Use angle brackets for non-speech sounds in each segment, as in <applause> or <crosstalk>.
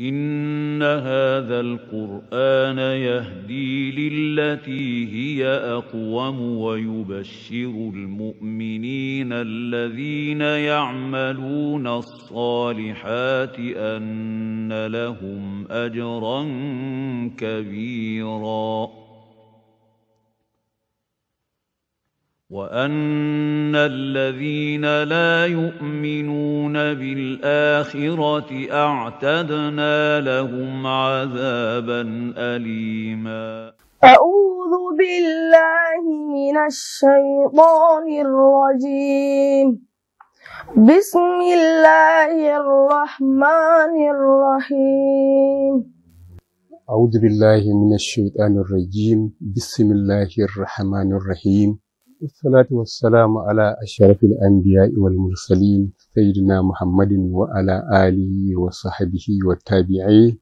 إن هذا القرآن يهدي للتي هي أقوم ويبشر المؤمنين الذين يعملون الصالحات أن لهم أجرا كبيراً وأن الذين لا يؤمنون بالآخرة أعتدنا لهم عذابا أليما أعوذ بالله من الشيطان الرجيم بسم الله الرحمن الرحيم أعوذ بالله من الشيطان الرجيم بسم الله الرحمن الرحيم والصلاة والسلام على أشرف الأنبياء والمرسلين سيدنا محمد وعلى آله وصحبه والتابعين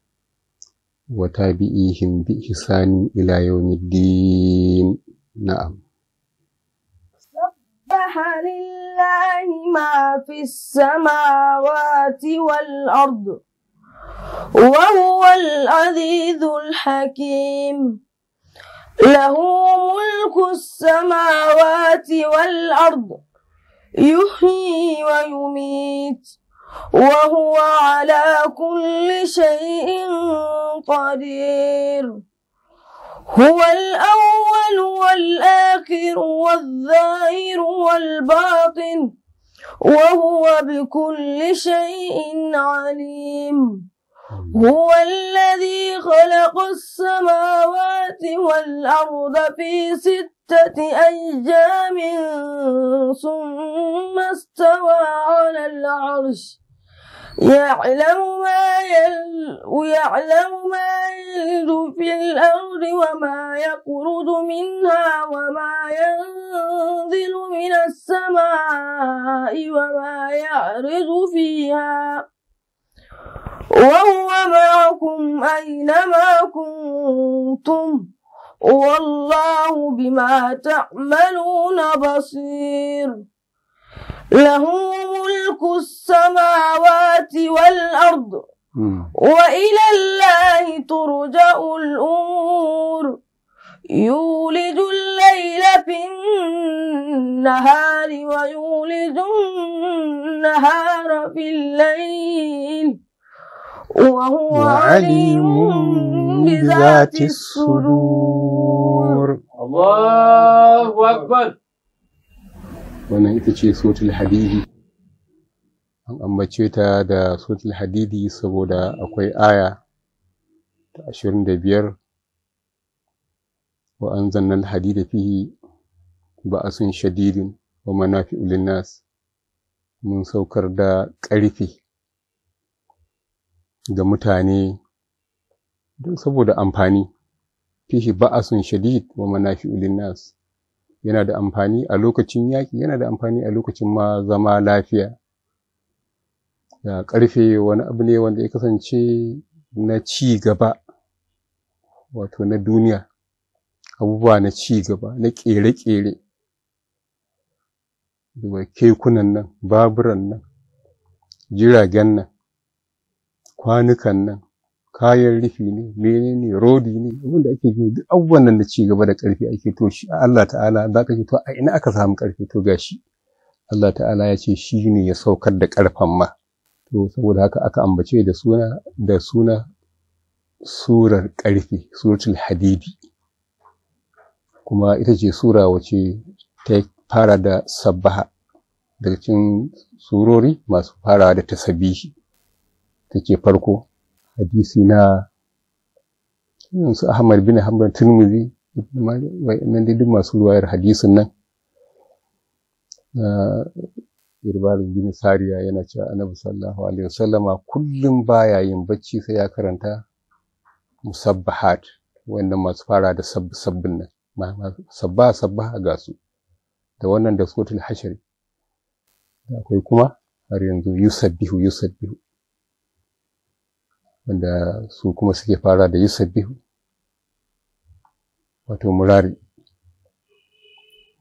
وتابعيهم بإحسان إلى يوم الدين نعم سبح لله ما في السماوات والأرض وهو العزيز الحكيم له ملك السماوات والأرض يحيي ويميت وهو على كل شيء قدير هو الأول والآخر والظاهر والباطن وهو بكل شيء عليم هو الذي خلق السماوات والأرض في ستة أيام ثم استوى على العرش يعلم ما يعلم ويعلم ما يلد في الأرض وما يخرج منها وما ينزل من السماء وما يعرض فيها وهو معكم أينما كنتم والله بما تعملون بصير له ملك السماوات والأرض وإلى الله ترجع الأمور يولج الليل في النهار ويولج النهار في الليل وهو عليم بذات الصدور الله أكبر wannan ita ce sotul hadidi an ambace ta da sotul hadidi saboda akwai aya ta ashirin da biyar wa an zannan fihi ba'asun shadidin wa manafi'ul nas mun saukar da ƙarfi ga mutane don saboda amfani fihi ba'asun shadid wa manafi'u linnas yana da amfani a lokacin yaƙi yana da amfani a lokacin ma zama lafiya da ƙarfe wani abu ne wanda ya kasance na ci gaba wato na duniya abubuwa na ci gaba na ƙere-ƙere da kekunan nan baburan nan jiragen nan kwanukan nan kayan rufi ne menene rodi ne Wanda ake gini duk abubuwan nan da ci gaba da ƙarfi ake to shi Allah ta'ala za ka ce to a ina aka samu karfi to gashi Allah ta'ala ya ce shi ne ya saukar da karfan ma to saboda haka aka ambace da suna da suna surar ƙarfi suratul hadidi kuma ita ce sura wace ta fara da sabbaha daga cikin surori masu fara da tasabihi ta ce farko hadisi na su ahmad bin hanbal turmizi nan dai duk masu ruwayar hadisin nan na irbal bin sariya yana cewa annabi sallallahu alaihi wasallama kullum baya yin bacci sai ya karanta musabbahat wannan masu fara da sabbin nan sabba sabba ga su da wannan da sotul hashari akwai kuma har yanzu yusabbihu yusabbihu wanda su kuma suke fara da Bihu, wato murari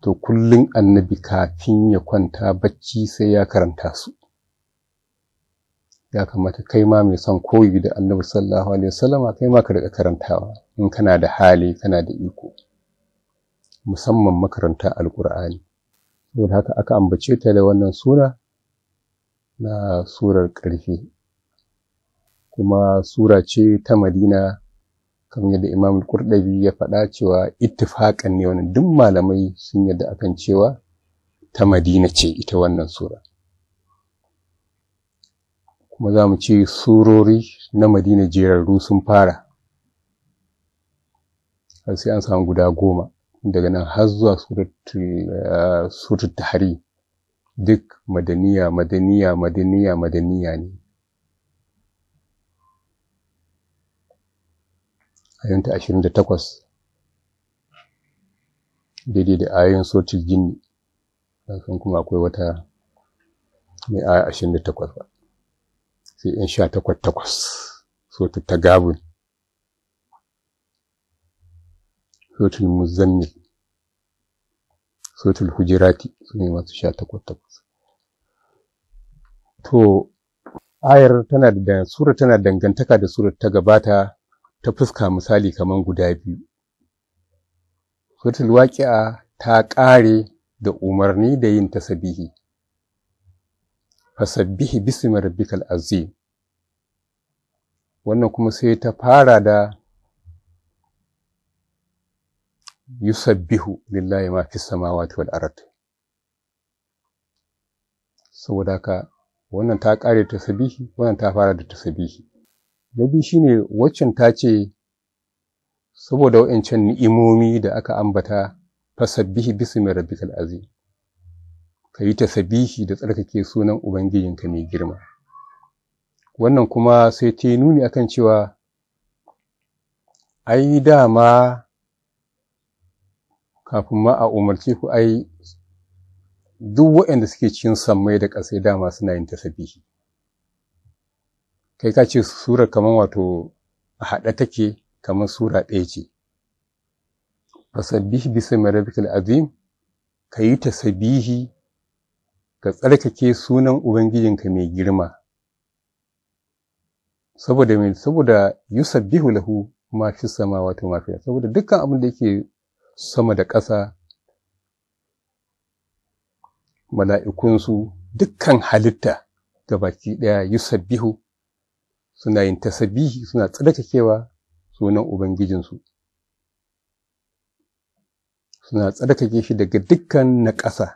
to kullum annabi kafin ya kwanta bacci sai ya karanta su ya kamata kai ma mai son koyi da annabi sallallahu alaihi wasallama kai ma ka karantawa in kana da hali kana da iko musamman makaranta alkur'ani saboda haka aka ambace ta da wannan sura na surar ƙarfi kuma sura ce ta madina kamar yadda imam kurdabi ya faɗa cewa ittifaƙan ne wannan duk malamai sun yadda akan cewa ta madina ce ita wannan sura kuma za mu ce surori na madina jerarru sun fara har sai an samu guda goma daga nan har zuwa surat eh, tahari duk madaniya madaniya madaniya madaniya ne da 28 daidai da ayoyin sotil jinni san kuma akwai wata mai aya 28 ba sai in sha takwas takwas sotil ta gabin Sotil muzanni sotil hujirati su ne masu sha takwas takwas to ayar tana da sura tana dangantaka da surar ta gabata ta fuska misali kamar guda biyu. Suratul waƙi'a ta ƙare da umarni da yin tasabihi. Fasabbihi bismi bikal azim. Wannan kuma sai ta fara da yusabbihu lillahi ma fi samawati wal ard. Saboda haka wannan ta ƙare tasabihi, wannan ta fara da tasabihi. na biyu ne waccan ta ce saboda wa'ancan ni'imomi da aka ambata bisu mai rabbi kal'azi ka yi ta sabihi da tsarkake sunan ubangijinka mai girma wannan kuma sai ta nuni akan cewa ai dama kafin ma a umarci ku ai duk waɗanda suke cikin sammai da ƙasai dama suna yin ta sabihi. kai ka ce surar kamar wato a haɗa take kamar sura ɗaya ce fasabbih bismi rabbikal azim ka yi tasabihi ka tsarkake sunan ubangijinka mai girma saboda mai saboda yusabbihu lahu ma fi samawati ma fi saboda dukkan abin da yake sama da ƙasa mala'ikunsu dukkan halitta gabaki ɗaya yusabbihu suna yin tasabihi suna tsarkakewa sunan Ubangijinsu. Suna tsarkake shi daga dukkan na ƙasa,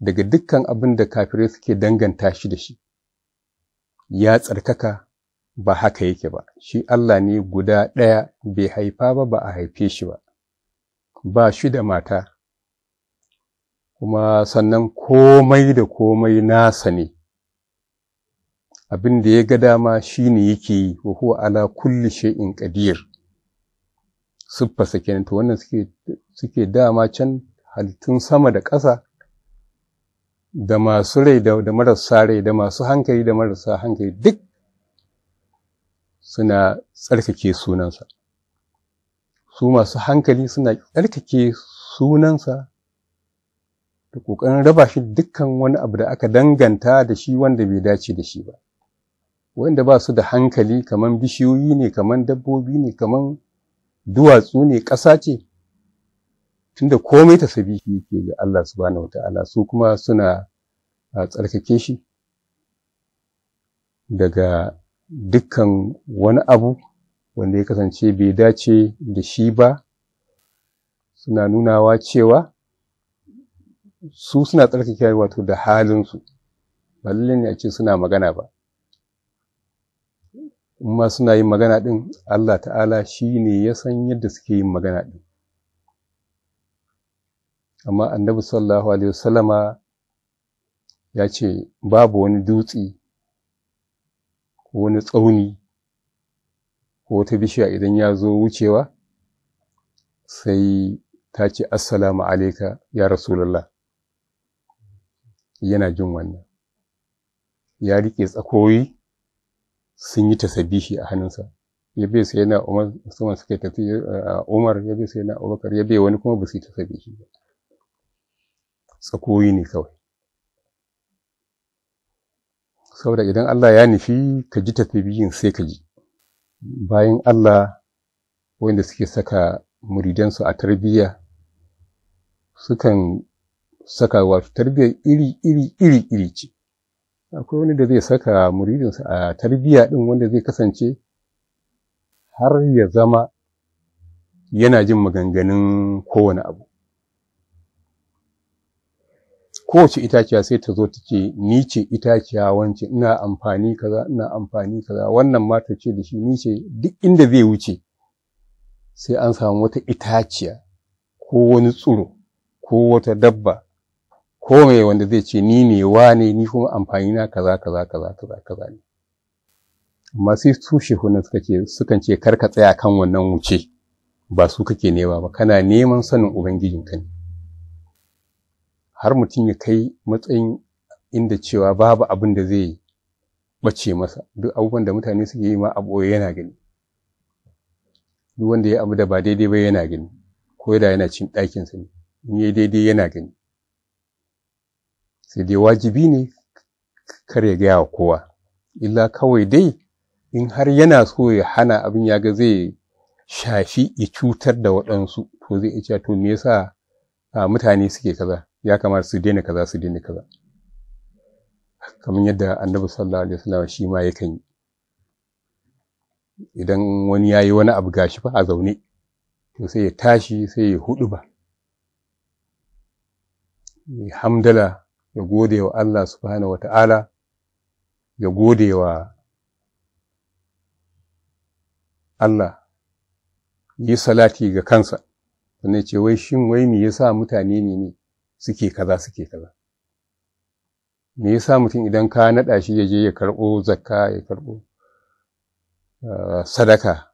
daga dukkan abin da kafirai suke danganta shi da shi. Ya tsarkaka ba haka yake ba, shi Allah ne guda ɗaya bai haifa ba ba a haife shi ba, ba shi da mata, kuma sannan komai da komai nasa ne. abin da ya ga dama shi ne yake yi wa huwa ala kulli sha'in qadir siffarsa kenan to wannan suke suke dama can halittun sama da ƙasa da masu rai da marasa rai da masu hankali da marasa hankali duk suna tsarkake sunansa su masu hankali suna tsarkake sunansa da ƙoƙarin raba shi dukkan wani abu da aka danganta da shi wanda bai dace da shi ba wanda ba su da hankali kaman bishiyoyi ne kaman dabbobi ne kaman duwatsu ne ƙasa ce tunda komai ta sabi ke ga Allah subhanahu wata'ala su kuma suna tsarkake shi daga dukkan wani abu wanda ya kasance bai dace da shi ba suna nunawa cewa su suna tsarkake wato da halinsu ba lallai ne a ce suna magana ba in ma suna yin magana ɗin Allah ta'ala shi ne ya san yadda suke yin magana ɗin amma annabi sallallahu alaihi wasallama ya ce babu wani dutsi, ko wani tsauni ko wata bishiya idan ya zo wucewa sai ta ce assalamu alaika ya rasulallah yana jin wannan ya rike tsakoyi sun yi tasabihi a hannunsa ya bai sai yana umar musamman suka tafi a umar ya bai sai yana abubakar ya bai wani kuma ba su yi tasabihi ba tsakoyi ne kawai saboda idan Allah ya nufi ka ji tasabihin sai ka ji bayan Allah wanda suke saka muridansu a tarbiyya sukan saka wato tarbiyya iri iri iri iri ce akwai wani da zai saka muridinsa a tarbiyya ɗin wanda zai kasance har ya zama yana jin maganganun kowane abu kowace itaciya sai ta zo take ni ce itaciya wance ina amfani kaza ina amfani kaza wannan ma ta ce da shi ni ce duk inda zai wuce sai an samu wata itaciya ko wani tsuro ko wata dabba ko wanda zai ce ni ne wane ni kuma amfani na kaza kaza kaza kaza kaza ne amma sai su shehunan suka ce sukan ce kar ka tsaya kan wannan wuce ba su kake nema ba kana neman sanin ubangijinka ne har mutum ya kai matsayin inda cewa babu abin da zai bace masa duk abubuwan da mutane suke yi ma a yana gani duk wanda ya abu da ba daidai ba yana gani ko da yana cin ɗakinsa ne in ya daidai yana gani sai dai wajibi ne kar ya gaya wa kowa illa kawai dai in har yana so ya hana abin ya ga zai shafi ya cutar da waɗansu to zai iya to me yasa mutane suke kaza ya kamata su daina kaza su daina kaza kamar yadda annabi sallallahu alaihi wasallam shi ma yakan yi idan wani ya yi wani abu gashi fa a zaune to sai ya tashi sai ya hudu ba hamdala ya gode wa Allah subhanahu wa ta'ala ya gode wa Allah yi salati ga kansa sannan ce wai shin wai me yasa mutane ne ne suke kaza suke kaza me yasa mutum idan ka naɗa shi ya je ya karɓo zakka ya karɓo ah, sadaka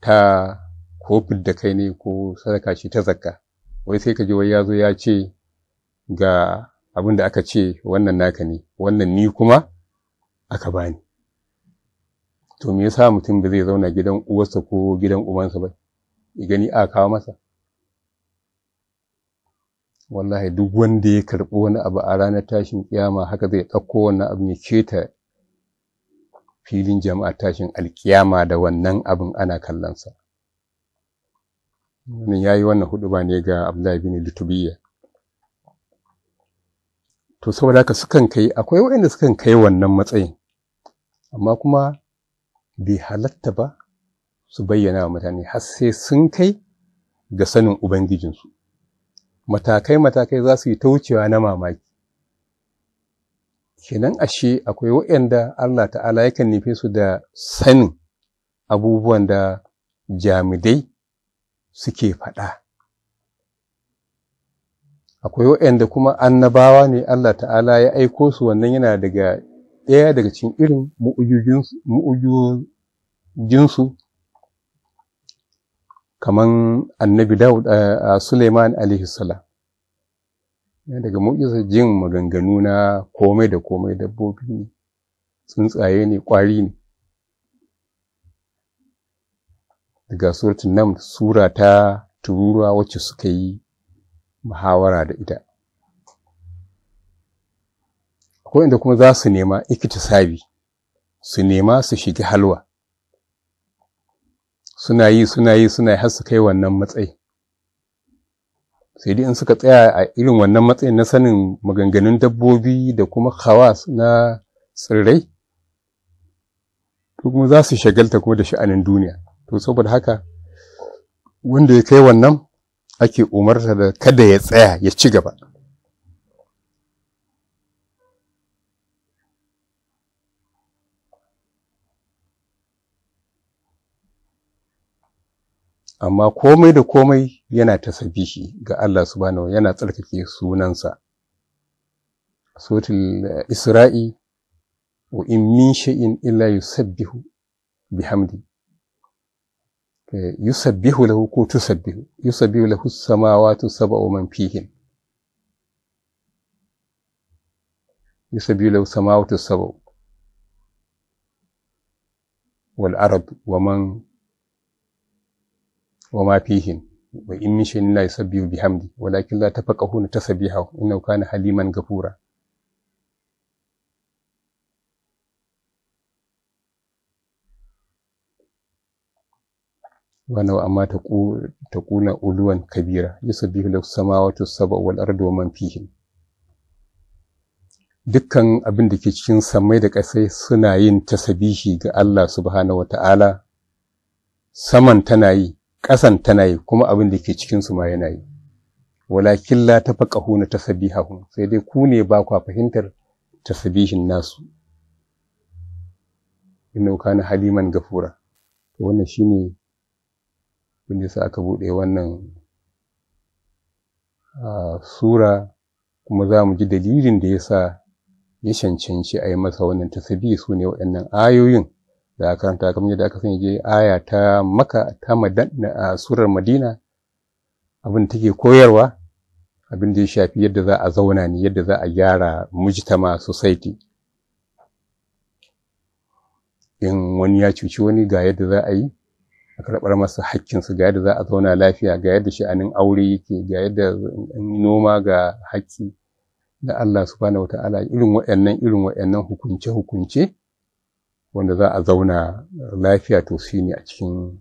ta ko da kai ne ko sadaka shi ta zakka wai sai ka ji wai ya zo ya ce ga abin da aka ce wannan naka ne wannan ni kuma aka bani to me yasa mutum ba zai zauna gidan uwarsa ko gidan umarsa ba ya gani a kawo masa wallahi duk wanda ya karɓi wani abu a ranar tashin kiyama haka zai ɗauko wannan abu ya keta filin jama'a tashin alkiyama da wannan abin ana kallonsa wannan ya yi wannan hudu ba ne ga abdullahi bin lutubiya to saboda haka sukan kai akwai waɗanda sukan kai wannan matsayin amma kuma bai halatta ba su bayyana wa mutane har sai sun kai ga sanin ubangijinsu matakai-matakai za su yi ta wucewa na mamaki kenan ashe akwai waɗanda Allah ta'ala yakan nufi su da sanin abubuwan da jamidai suke faɗa akwai waɗanda kuma annabawa ne Allah ta'ala ya aiko su wannan yana daga ɗaya daga cikin irin mu'ujujinsu kaman annabi Dawud eh, a Suleiman alaihi salam daga mu'jizar jin maganganu na komai da komai dabbobi ne tsuntsaye ne ƙwari ne daga suratun nam sura ta tururuwa wacce suka yi muhawara da ita akwai inda kuma za su nema sabi su nema su shiga halwa suna yi suna yi suna yi har su kai wannan matsayi sai dai in suka tsaya a irin wannan matsayin na sanin maganganun dabbobi da kuma khawas na tsirrai to kuma za su shagalta kuma da sha'anin duniya to saboda haka wanda ya kai wannan ake umarta da kada ya tsaya ya ci gaba amma komai da komai yana ta tasabihi ga Allah subhanahu yana tsarkake sunansa sotul isra'i wa in min shay'in illa yusabbihu bihamdi yusabbihu lahu ko tusabbihu yusabbihu lahu samawati sab'u man fihin yusabbihu lahu samawati sab'u wal arab wa man wa ma fihin wa in min la yusabbihu bihamdi walakin la tafaqahuna tasbihahu amma ta ونو uluwan Kabira تقول علوا كبيرا يسبح له saba wal والأرض man فيهن dukkan abin da ke cikin samai da ƙasai suna yin tasabihi ga Allah subhanahu wata'ala saman tana yi ƙasan tana yi kuma abin da ke cikin su ma yana yi walakin la tafaqahuna tasbihahum sai dai ku ne ba kwa fahimtar tasbihin nasu inna kana haliman gafura to wannan shine abin yasa aka buɗe wannan sura kuma za mu ji dalilin da ya sa ya cancanci a yi masa wannan tasbihi su ne waɗannan ayoyin da aka karanta kamar yadda aka sani aya ta maka ta madina surar madina abin take koyarwa abin da ya shafi yadda za a zauna ne yadda za a gyara mujtama society in wani ya cuci wani ga yadda za a yi a karɓar masa haƙƙinsu ga yadda za a zauna lafiya ga yadda sha'anin aure yake ga yadda noma ga haƙƙi da Allah subhanahu wata'ala irin waɗannan irin waɗannan hukunce-hukunce wanda za a zauna lafiya to shi ne a cikin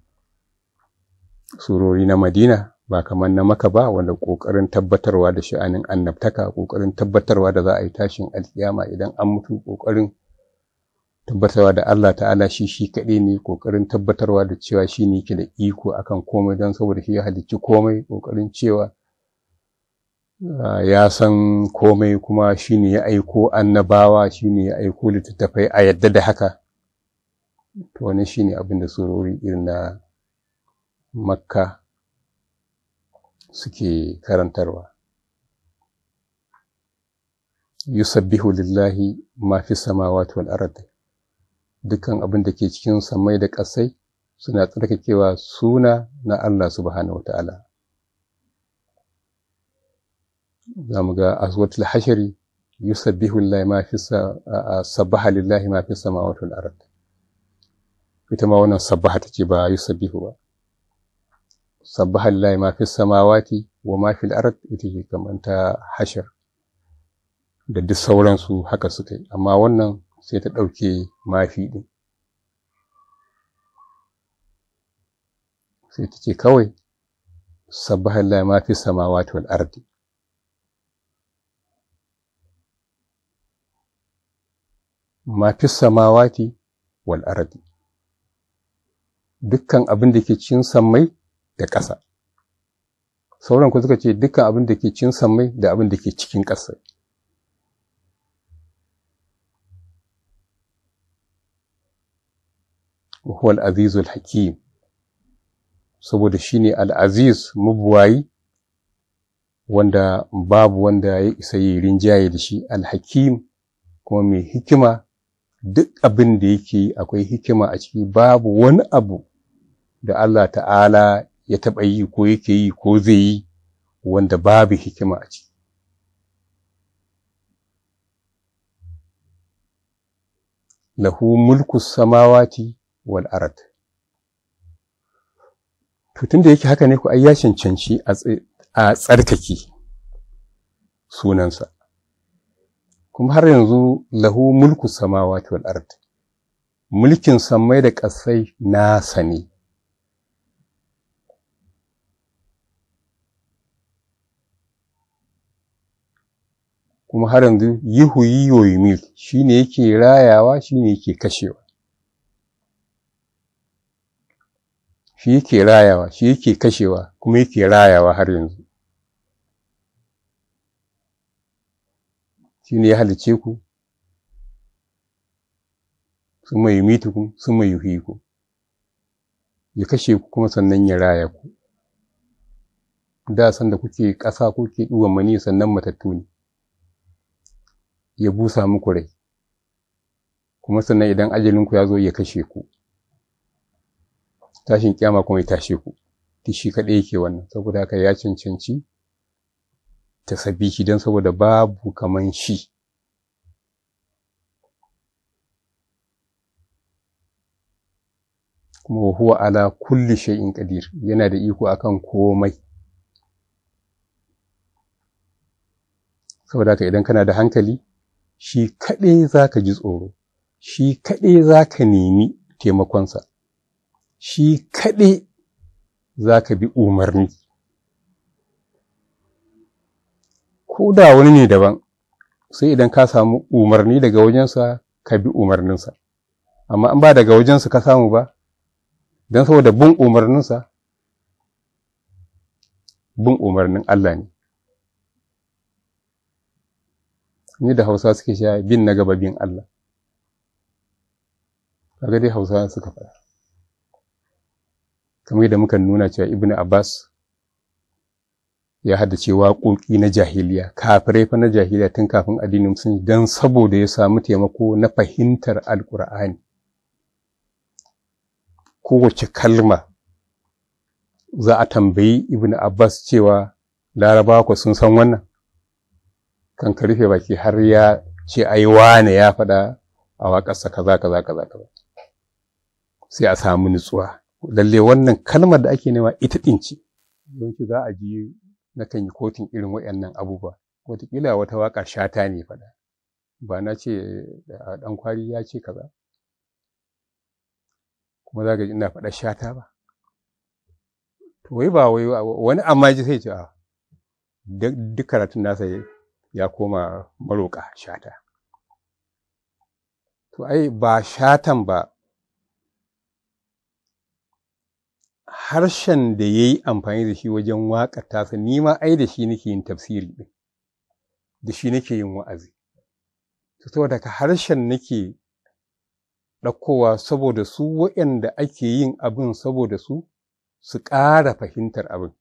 surori na Madina ba kamar na maka ba wanda ƙoƙarin tabbatarwa da sha'anin annabtaka ƙoƙarin tabbatarwa da za a yi tashin alkiyama idan an mutu ƙoƙarin tabbatarwa da Allah ta'ala shi shi kaɗai ne ƙoƙarin tabbatarwa da cewa shi ne ke da iko akan komai don saboda shi ya halicci komai ƙoƙarin cewa ya san komai kuma shi ne ya aiko annabawa shi ne ya aiko littattafai a yadda da haka to wani shi ne abin da surori irin na makka suke karantarwa yusabbihu lillahi ma fi samawati wal ardi dukkan abin da ke cikin samai da ƙasai suna tsarkakewa suna na Allah subhanahu wata'ala za mu ga aswatul hashari yusabbihu ma fi sabaha lillahi ma fi samawati ard ita ma wannan sabaha ce ba yusabbihu ba sabaha lillahi ma fi samawati wa ma fi ard ita ce kamar ta hashar da duk sauransu haka suka yi amma wannan sai ta ɗauke mafi ɗin sai ta ce kawai sabbahan la ma fi ta wal ardi ma fi samawati wal ardi dukkan abin da ke cin sammai da ƙasa sauran ku suka ce dukkan abin da ke cin sammai da abin da ke cikin ƙasa wa alazizu al saboda shi ne alaziz mabuwayi wanda babu wanda ya isa yi rinjaye da shi al-hakim kuma mai hikima duk abin da yake akwai hikima a ciki babu wani abu da Allah ta'ala ya taɓa yi ko yake yi ko zai yi wanda babu hikima a ciki lahu mulku samawati wal arad to tunda yake haka ne ku ai ya cancanci a tsarkake sunansa kuma har yanzu lahu mulku samawati wal ard mulkin sammai da ƙasai nasa ne kuma har yanzu yihu yi shi shine yake rayawa shine yake kashewa shi yake rayawa shi yake kashewa kuma yake rayawa har yanzu shi ne ya halice ku Su mai mitu ku Su mai yuhi ku ya kashe ku kuma sannan ya raya ku da sanda kuke ƙasa kuke ɗuwa mani sannan matattu ne ya busa muku rai kuma sannan idan ajalinku ya zo ya kashe ku tashin kiyama kuma ya tashe ku duk shi kaɗai yake wannan saboda haka ya cancanci ta shi don saboda babu kaman shi kuma huwa ala kulli shay'in qadir yana da iko akan komai saboda haka idan kana da hankali shi kaɗai za ka ji tsoro shi kaɗai za ka nemi taimakonsa shi kaɗai za ka bi umarni ko da wani ne daban sai idan ka samu umarni daga wajensa ka bi umarninsa amma an ba daga wajensa ka samu ba don saboda bin umarninsa bin umarnin Allah ne ni da hausa suke sha bin na gaba bin Allah ka dai hausa suka faɗa kamar yadda muka nuna cewa ibn abbas ya haddace waƙoƙi na jahiliya kafirai fa na jahiliya tun kafin addinin musulunci don saboda ya samu taimako na fahimtar alƙur'ani kowace kalma za a tambayi ibn abbas cewa laraba ku sun san wannan kan ka rufe baki har ya ce ai wane ya faɗa a waƙarsa kaza kaza kaza kaza sai a samu nutsuwa lalle wannan kalmar da ake nema ita ɗin ce ki za a ji kan yi kotun irin waɗannan abubuwa wataƙila wata waƙa shata ne faɗa ba na ce ɗan kwari ya ce kaza kuma za ga ina faɗa shata ba to wai ba wai wani amma ji sai ce a duk karatun nasa ya koma maroƙa shata to ai ba shatan ba harshen da ya yi amfani da shi wajen waƙa tasa ni ma ai da shi nake yin tafsiri ɗin da shi nake yin wa'azi to saboda harshen nake ɗaukowa saboda su waɗanda ake yin abin saboda su su ƙara fahimtar abin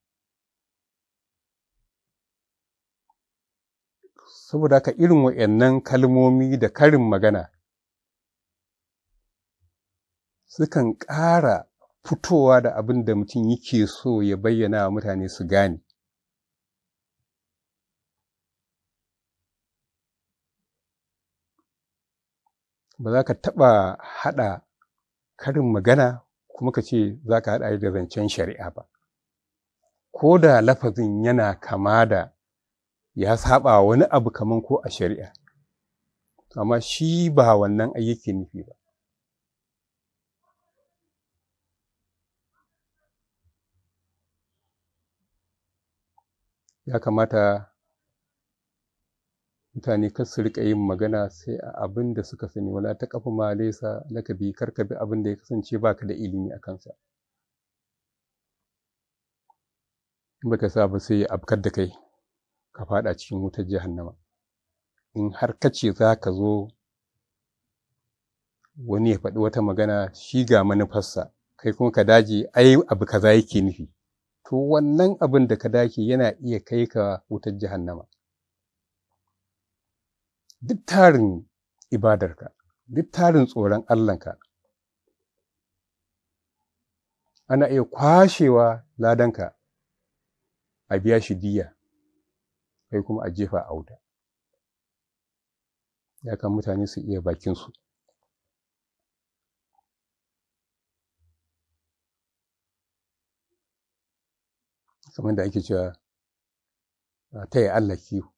saboda haka irin waɗannan kalmomi da karin magana sukan ƙara fitowa da abin da mutum yake so ya bayyana wa mutane su gane ba za ka taɓa haɗa karin magana kuma ka ce za ka haɗa da zancen shari'a ba ko da lafazin yana kama da ya saba wani abu kaman ko a shari'a amma shi ba wannan ayyuke nufi ba ya kamata mutane kan su rika yin magana sai a abin da suka sani wala ta kafa ma laisa laka bi karka bi abin da ya kasance baka da ilimi a kansa In baka sa ba sai ya afkar da kai ka fada cikin wutar jahannama in har ka ce za ka zo wani ya faɗi wata magana shi ga manufarsa kai kuma ka daji ai abu kaza yake nufi to wannan abin da ka dake yana iya kai ka wutar jahannama duk tarin ibadarka duk tarin tsoron Allahnka ana iya kwashewa ladanka a biya shi diya kai kuma a jefa a wuta ya kan mutane su iya bakinsu kamar da ake cewa ta yi Allah kiwo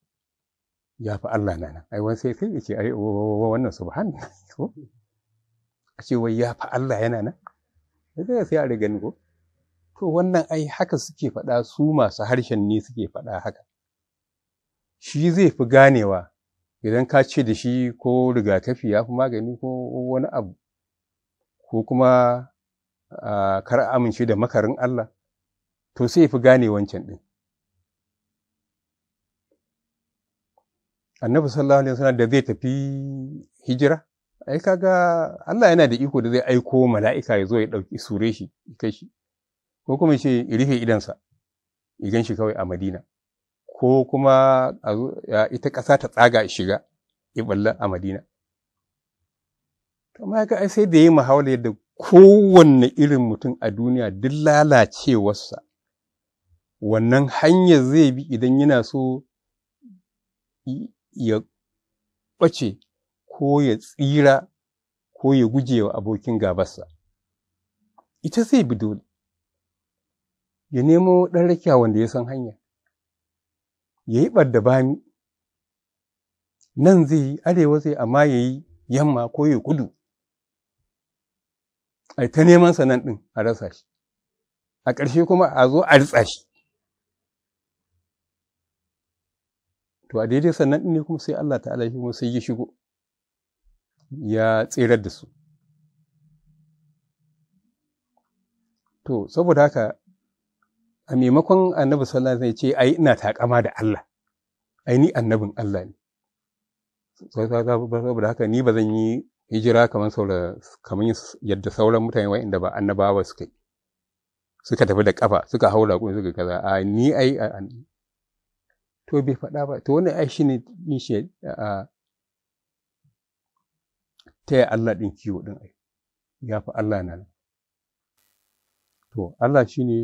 ya fi Allah na nan ai wani sai kai ce wa wannan subhan <laughs> ko a ce wai ya fi Allah yana nan sai sai a riga ni ko to wannan ai haka suke faɗa su masu harshen ne suke faɗa haka shi zai fi ganewa idan ka ce da shi ko rigakafi ya fi magani ko wani abu ko kuma kar amince da makarin Allah to sai fi gane wancan ɗin. Annabi sallallahu alaihi wasallam da zai tafi hijira, ai kaga Allah yana da iko da zai aiko mala'ika ya zo ya ɗauki sure shi kai shi, ko kuma ce rufe idansa, gan shi kawai a Madina, ko kuma ita ƙasa ta tsaga shiga, iballa a Madina. amma ya ai sai da yi muhawala yadda kowanne irin mutum a duniya duk lalacewarsa wannan hanyar zai bi idan yana so ya ɓace ko ya tsira ko ya guje wa abokin gabarsa ita zai bi dole ya nemo ɗan rakiya wanda ya san hanya ya yi ɓadda bami nan zai yi arewa zai amma ya yi yamma ko ya kudu Aita ta neman sanan ɗin a rasa shi a ƙarshe kuma a zo a ritsa shi to a daidai sannan ne kuma sai Allah ta'ala shi kuma sai ya shigo ya tserar da su to saboda haka a maimakon annabi sallallahu alaihi ce ai ina takama da Allah ai ni annabin Allah ne saboda haka ni ba zan yi hijira kamar yadda sauran mutane wa'inda ba annabawa suka yi suka tafi da ƙafa, suka haura kuma suka kaza a ni ai to bai faɗa ba to wannan ai shine din shi a ta ya Allah din kiwo din ai ya fi Allah na to Allah shine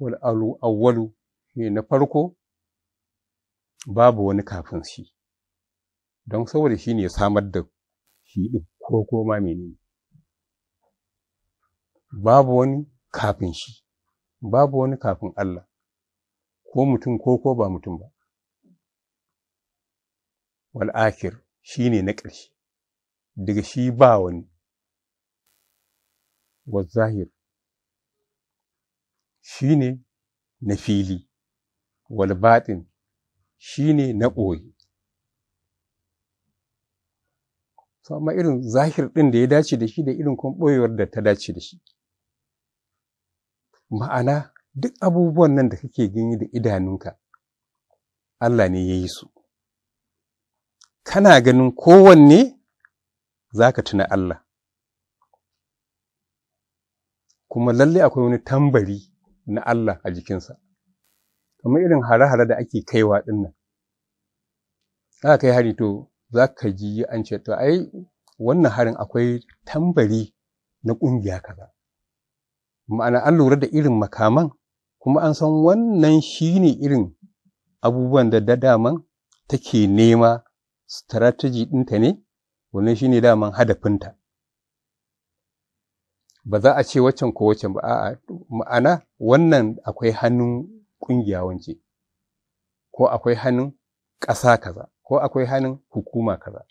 wal alu awwalu shine na farko babu wani kafin shi don saboda shine ya samar da shi din ko koma menene babu wani kafin shi babu wani kafin Allah ko mutum ko ko ba mutum ba wal shi ne na ƙarshe daga shi ba wani wazahir shi ne na fili walbatin shi ne na ɓoye to amma irin zahir ɗin da ya dace da shi da irin kuma ɓoyewar da ta dace da shi ma'ana duk abubuwan nan da kake gani da idanunka Allah ne ya yi su kana ganin kowanne za ka tuna Allah kuma lalle akwai wani tambari na Allah a jikinsa kamar irin hare-hare da ake kaiwa ɗin nan za ka yi hari to za ka ji an ce to ai wannan harin akwai tambari na ƙungiya kaza ma'ana an lura da irin makaman kuma an san wannan shi ne irin abubuwan da da dadaman take nema strategy ɗinta ne wannan ne daman hadafinta ba za a ce waccan ko waccan ba a'a ma'ana wannan akwai hannun ƙungiya wance ko akwai hannun ƙasa kaza ko akwai hannun hukuma kaza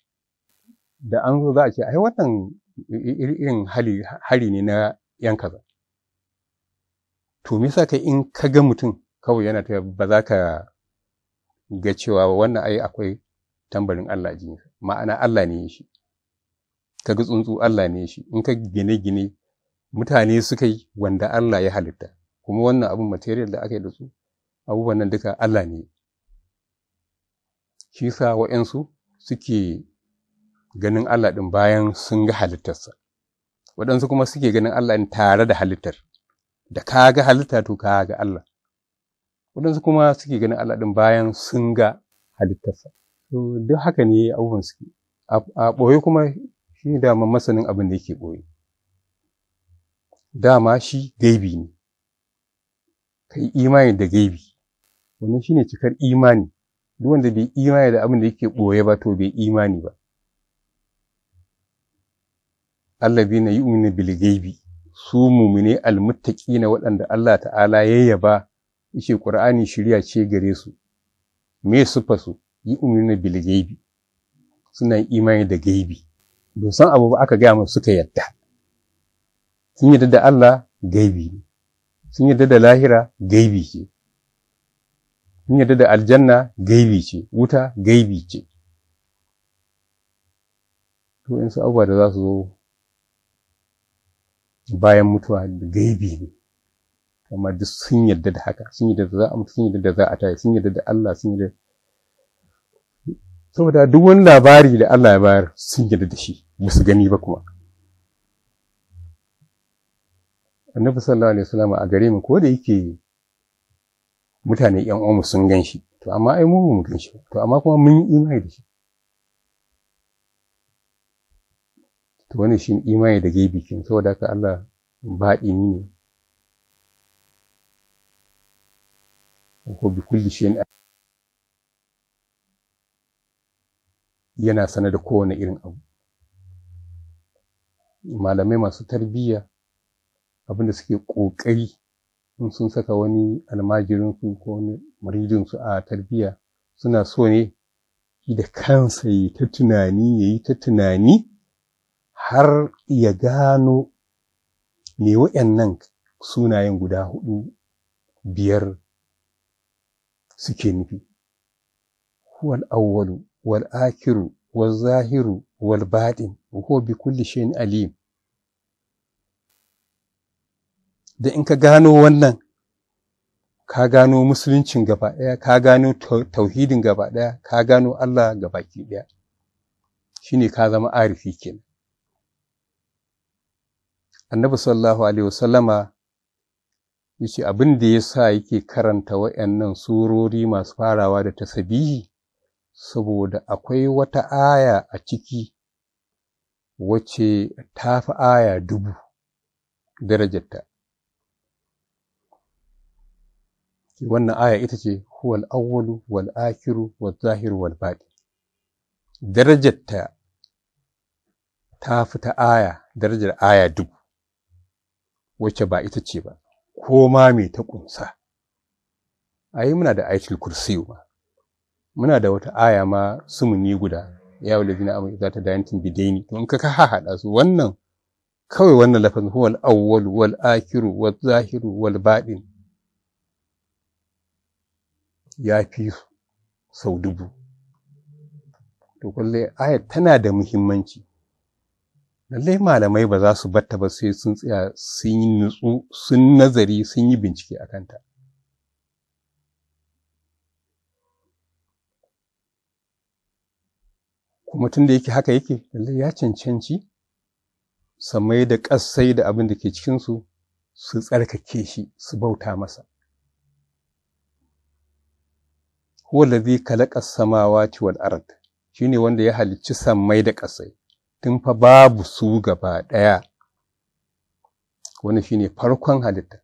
da an zo za a ce ai wannan irin hari ne na yan kaza to misa ka in ka ga mutum kawai yana ta ba za ka ga cewa wannan ai akwai tambarin Allah a jikinka ma'ana Allah ne ya shi ka ga tsuntsu Allah ne shi in ka gine-gine mutane suka yi wanda Allah ya halitta kuma wannan abin material da aka yi da su abubuwan nan duka Allah ne shi sa wa'yansu suke ganin Allah ɗin bayan sun ga halittarsa waɗansu kuma suke ganin Allah ɗin tare da halittar da ka ga halitta to ka ga Allah waɗansu kuma suke ganin Allah ɗin bayan sun ga halittarsa to duk haka ne abubuwan suke a ɓoye kuma shi ne dama masanin abin da yake ɓoye dama shi gaibi ne ka yi imani da gaibi wannan shi ne cikar imani duk wanda bai imani da abin da yake ɓoye ba to bai imani ba Allah bi yi yu'minu bil gaibi su mumine na waɗanda Allah ta'ala ya yaba yace Qur'ani shirya ce gare su me sufa su yi umirna bil gaibi suna imani da gaibi don san abu ba aka gaya musu suka yadda sun yadda da Allah gaibi ne sun yadda da lahira gaibi ce sun yadda da aljanna gaibi ce wuta gaibi ce to in su abubuwa da za su zo bayan mutuwa da gaibi ne amma duk sun yadda da haka sun yadda da za a mutu sun yadda da za a tayi sun yadda da Allah sun yadda saboda duk wani labari da Allah ya bayar sun yarda da shi ba su gani ba kuma annabi sallallahu alaihi wasallam a gare mu ko da yake mutane yan uwa sun gan shi to amma ai mu mu gan shi to amma kuma mun yi imani da shi to wannan shi imani da gaibi kin saboda ka Allah baɗi ne ko bi kulli shay'in yana sanar da kowane irin abu malamai masu tarbiyya abinda suke ƙoƙari in sun saka wani almajirinsu ko wani muridinsu a tarbiyya suna so ne da kansa yi ta tunani ya yi ta tunani har ya gano me waɗannan sunayen guda hudu biyar suke nufi huwal awwalu wal akiru wal zahiru wal baɗin wa da in ka gano wannan ka gano musuluncin gaba ɗaya ka gano tauhidin gaba ɗaya ka gano Allah ki ɗaya shine ka zama arifi kenan annabi sallallahu alaihi wasallama yace abin da ya sa yake karanta wa'annan surori masu farawa da tasabihi saboda akwai wata aya a ciki wacce ta fi aya dubu darajarta. Wannan aya ita ce, huwal awwalu wal akiru wal zahiru wal baɗi. Darajarta ta fi ta aya, darajar aya dubu, Wace ba ita ce ba, ko ma mai ta ƙunsa. yi muna da aikin kursiyu ba. muna da wata aya ma sumuni guda ya wuli zina amma za ta yantin bidaini to in ka ka haɗa su wannan kawai wannan lafazin al awwal wal akiru wal zahiru wal baɗin ya fi sau dubu to kullai ayat tana da muhimmanci lallai malamai ba za su batta ba sai sun tsaya sun yi nutsu sun nazari sun yi bincike a kanta Mutum da yake haka yake lalle ya cancanci samai da ƙasai da abin da ke cikinsu su tsarkake shi su bauta masa huwa ladhi samawa samawati wal ard shine wanda ya halicci samai da ƙasai tun fa babu su gaba ɗaya wani shine farkon halitta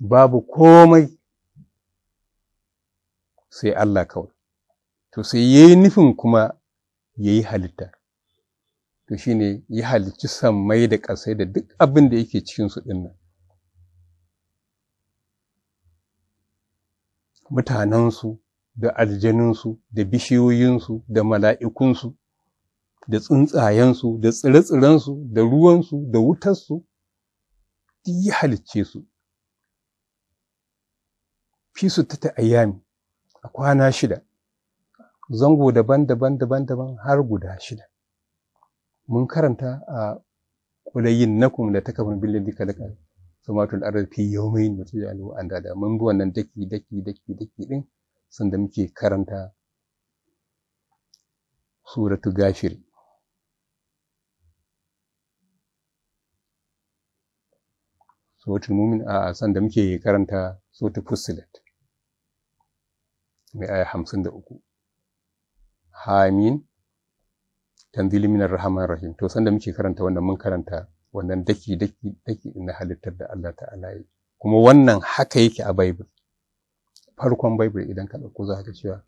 babu komai sai Allah kawai to sai yayi nufin kuma ya yi halitta to shine ya halicci sammai da ƙasai da duk abin da yake cikinsu ɗin nan mutanensu da aljaninsu da bishiyoyinsu da mala'ikunsu da tsuntsayensu da tsire-tsirensu da ruwansu da wutarsu duk ya halicce su fi su ta ayyami a kwana shida zango daban-daban daban-daban har guda shida mun karanta a kulayin kuma da takabun billin duka da kan samatul da yawmain wa an dada. mun bi wannan daki daki daki daki din sanda muke karanta suratu gashiri suratul mumin a sanda muke karanta suratu fussilat mai aya hamsin da uku Hamin tanzili minar rahman rahim to sanda muke karanta wannan mun karanta wannan daki daki daki na halittar da Allah ta'ala yi kuma wannan haka yake a Bible farkon Bible idan ka dauko za ka cewa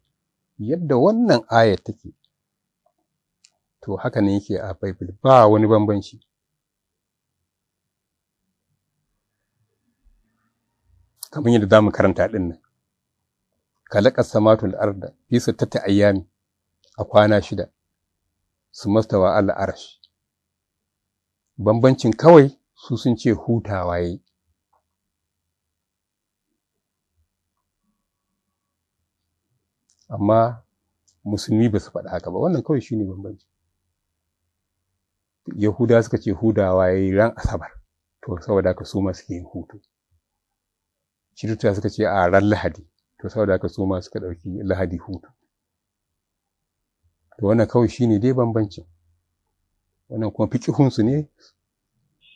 yadda wannan aya take to haka ne yake a Bible ba wani bambanci kamar yadda zamu karanta din nan kalaƙar samatul arda fi su ta ayyami a kwana shida su mastawa Allah arash bambancin kawai su sun ce hutawa yi amma musulmi ba su faɗa haka ba wannan kawai shi ne bambanci yahuda suka ce hudawa ya yi ran asabar to saboda haka suma suke yin hutu Shirita suka ce a ran lahadi to saboda haka su suka ɗauki lahadi hutu to wannan kawai shi ne dai bambancin wannan kuma fikihunsu ne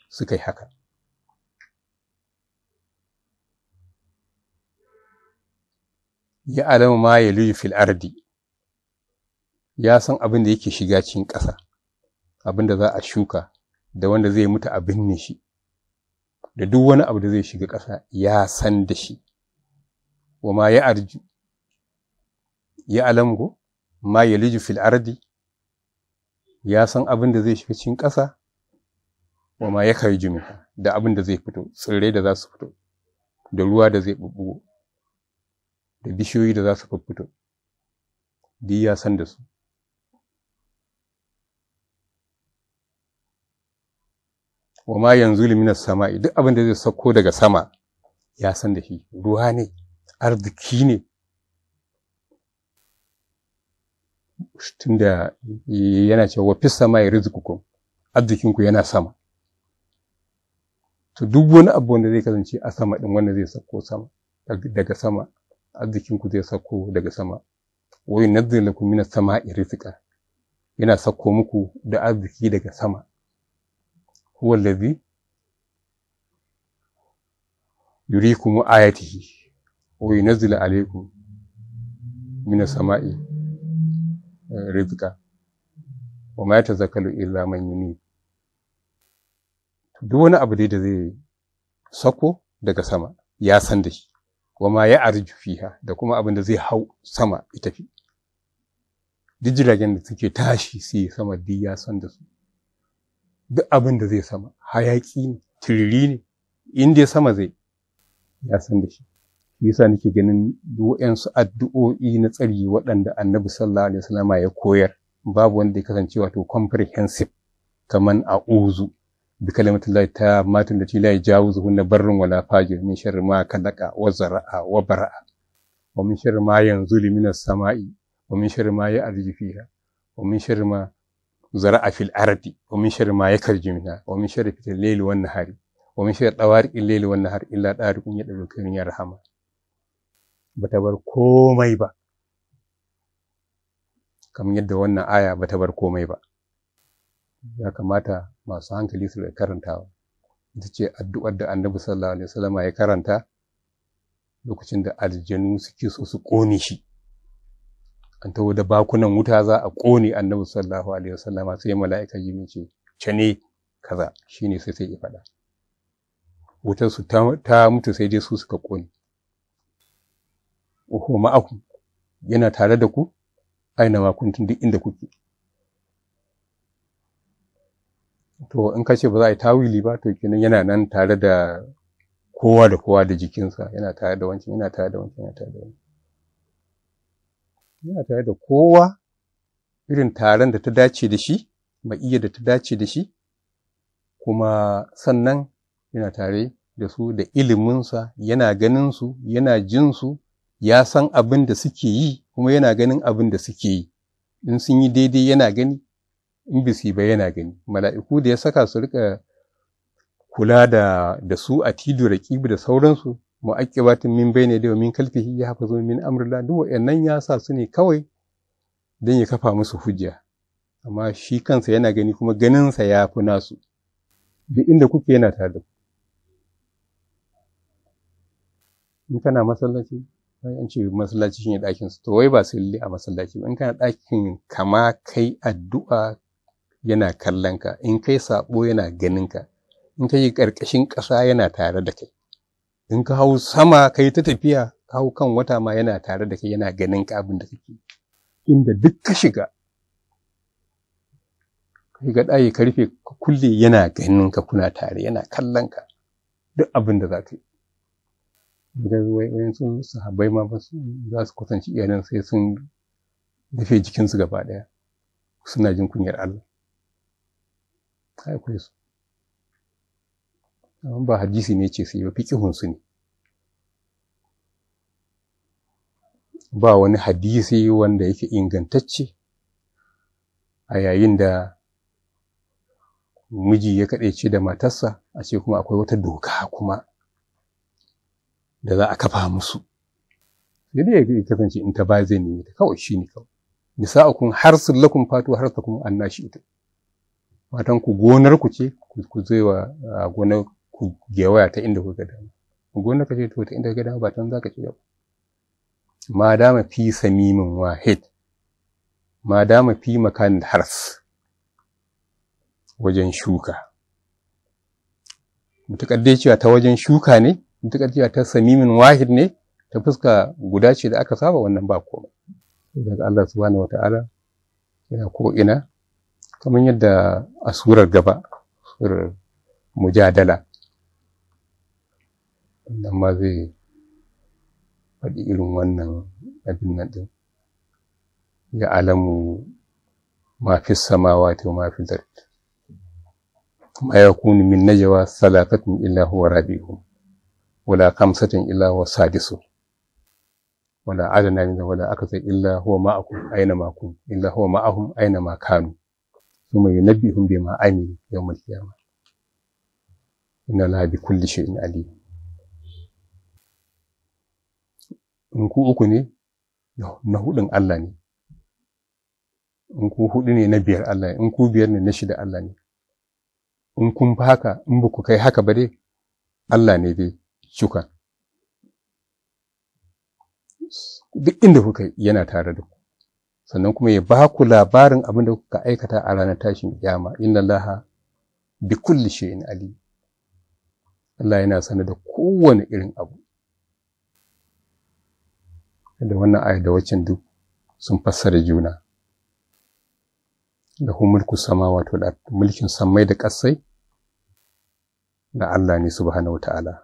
suka yi haka ya alama ma ya fil ardi ya san abin da yake shiga cikin ƙasa abin da za a shuka da wanda zai mutu a binne shi da duk wani abu da zai shiga ƙasa ya san da shi wa ma ya arju ya alamu ma yaliju fil ardi ya san abin da zai shiga cikin ƙasa wa ma ya kai jumi da abin da zai fito tsirrai da za su fito da ruwa da zai bubbugo da bishiyoyi da za su fito duk ya san da su wa ma yanzu liminas sama'i duk abin da zai sauko daga sama ya san da shi ruwa ne arziki ne tunda yana cewa fi sama ya rizikukum arzikinku yana sama to duk wani abu wanda zai kasance a sama din wanda zai sako sama daga sama arzikinku zai sako daga sama wai yunazzilu lakum minas sama rizqa yana sako muku da arziki daga sama huwa allazi yurikum ayatihi wa yunazzilu alaykum minas sama'i rizqa wa ma tazakkalu illa man yunib duk wani abu dai da zai sako daga sama ya san da shi wa ma ya arju fiha da kuma abin da zai hau sama ita fi duk jiragen da suke tashi su sama duk ya san da su duk abin da zai sama hayaki ne tiriri ne inda ya sama zai ya san da shi yasa nake ganin waɗansu addu'o'i na tsari waɗanda annabi sallallahu alaihi wasallam ya koyar babu wanda ya kasance wato comprehensive kaman a'uzu bi kalimatillahi ta matin da tilai jawuzu hunna barrun wala fajir min sharri ma kalaka wa zara'a wa bara'a wa min sharri ma yanzu minas sama'i wa min sharri ma ya'riju fiha wa min sharri ma zara'a fil ardi wa min sharri ma yakarju minha wa min sharri fil layli wan nahari wa min sharri tawariqil layli wan nahari illa dariqun yadulukun ya rahama bata bar komai ba kamar yadda wannan aya bata bar komai ba ya kamata masu hankali su karanta. ita ce addu'ar da annabi sallallahu alaihi wasallam ya karanta lokacin da aljanu suke so su kone shi an taho da bakunan wuta za a kone annabi sallallahu alaihi wasallama sai mala'ika yi ce cane kaza shine sai sai ya faɗa wutar su ta mutu sai dai su suka ƙone wa aku yana tare da ku aina ma kuntum duk inda kuke to in ka ce ba za a yi tawili ba to kenan yana nan tare da kowa da kowa da jikinsa yana tare da wancan yana tare da wancan yana tare da wancan yana tare da kowa irin taron da ta dace da shi iya da ta dace da shi kuma sannan yana tare da su da iliminsa yana ganinsu yana jinsu ya san abin da suke yi kuma yana ganin abin da suke yi in sun yi daidai yana gani in bisi ba yana gani mala'iku da ya saka su rika kula da da su a tidu da kibi da sauransu mu'aqqibatun min bayni da min kalfihi ya hafazu min amrillah duk wa'annan ya sa su ne kawai dan ya kafa musu hujja amma shi kansa yana gani kuma ganinsa ya fi nasu duk inda kuke yana tare da ku in kana masallaci an ce masallaci shine ɗakin su to wai ba sai lalle a masallaci ba in kana ɗakin kama kai addu'a yana kallon ka in kai saɓo yana ganin ka in kai ƙarƙashin ƙasa yana tare da kai in ka hau sama kai ta tafiya ka hau kan wata ma yana tare da kai yana ganin ka abin da kake inda duk ka shiga ka shiga ɗaki ka rufe ka kulle yana ganin ka kuna tare yana kallon ka duk abin da za ka yi wayansu sahabbai ma ba za su kusanci iyalan sai sun rufe jikinsu gaba ɗaya suna jin kunyar Allah akwai su ba hadisi ne ce sai ba ba su ne ba wani hadisi wanda yake ingantacce a yayin da miji ya kaɗaice da matarsa a ce kuma akwai wata doka kuma da za a kafa musu sai dai ya kasance in ta ba zai nemi ta kawai shi ne kawai nisa'ukum su lakum fatu har an annashi ita matan ku gonar ku ce ku zai wa gonar ku gewaya ta inda kuka dama ku gonar ka ce to ta inda kuka dama ba tan ka ci gaba ma dama fi samimin wahid ma dama fi makan hars wajen shuka mutakar dai cewa ta wajen shuka ne mutuƙar cewa ta samimin wahid ne ta fuska guda ce da aka saba wannan ba komai daga Allah subhanahu wata'ala yana ko ina kamar yadda a surar gaba surar mujadala wannan ma zai faɗi irin wannan abin nan ɗin ya alamu mafi samawa ta mafi zarfi ma ya kuni min najawa salatatun illa huwa rabi'uhum wala kamsatin illa wa sadisu wala adana min wala akasa illa huwa ma'akum aina ma kun illa huwa ma'ahum aina ma kanu thumma yunabbihum bima amilu yawm al-qiyamah inna la bi kulli shay'in alim in ku uku ne na hudun Allah ne in ku hudu ne na biyar Allah ne in ku biyar ne na shida Allah ne in kun fi haka in ba ku kai haka ba dai Allah ne dai shuka duk inda kuka yana tare da ku sannan kuma ya ba ku labarin abin da kuka aikata a ranar tashin kiyama inna laha bi kulli shay'in ali Allah yana sanar da kowane irin abu da wannan aya da waccan duk sun fassara juna da kuma mulkin sama wato mulkin sammai da ƙasai Da Allah ne subhanahu wa ta'ala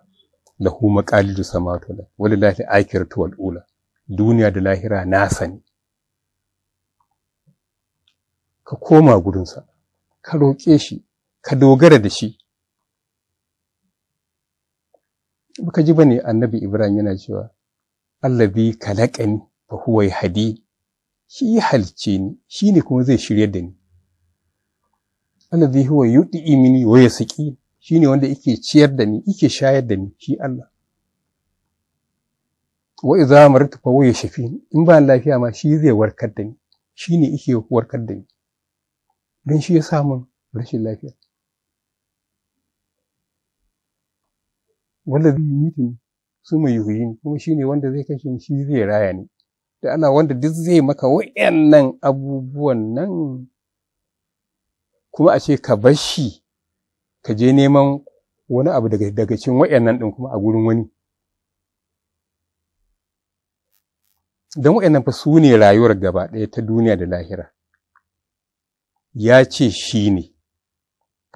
lahu maqalidu samawati wal walillahi al-akhiratu wal ula duniya da lahira na sani ka koma gurinsa ka roƙe shi ka dogara da shi baka ji bane annabi ibrahim yana cewa allazi kalaqani fa huwa yahdi shi ya ni shi ne kuma zai shirya da ni allazi huwa yud'i mini wa yasqi shi ne wanda yake ciyar da ni yake shayar da ni shi Allah wa idza maritu fa huwa shafi. in ba lafiya ma shi zai warkar da ni shi ne yake warkar da ni don shi ya samu rashin lafiya wanda zai yi ni su mai yuhuyi kuma shi ne wanda zai kashe shi zai raya ni da ana wanda duk zai maka wa'yannan abubuwan nan kuma a ce ka bar shi ka je neman wani abu daga daga wa’yan nan ɗin kuma a gurin wani don nan fa su ne rayuwar gaba ɗaya ta duniya da lahira ya ce shi ne